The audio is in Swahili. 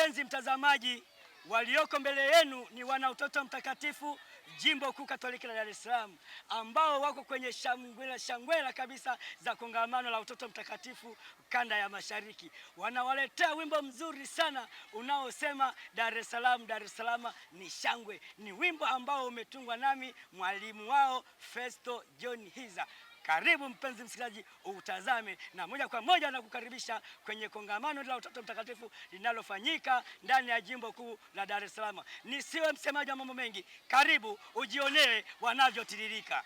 Mpenzi mtazamaji, walioko mbele yenu ni wana Utoto Mtakatifu Jimbo Kuu Katoliki la Dar es Salaam ambao wako kwenye shangwela shangwela kabisa za kongamano la Utoto Mtakatifu kanda ya Mashariki. Wanawaletea wimbo mzuri sana unaosema Dar es Salaam, Dar es Salaam ni shangwe. Ni wimbo ambao umetungwa nami mwalimu wao Festo John Hiza. Karibu mpenzi msikilizaji, utazame na moja kwa moja na kukaribisha kwenye kongamano la Utatu Mtakatifu linalofanyika ndani ya jimbo kuu la Dar es Salaam. Nisiwe msemaji wa mambo mengi, karibu ujionee wanavyotiririka.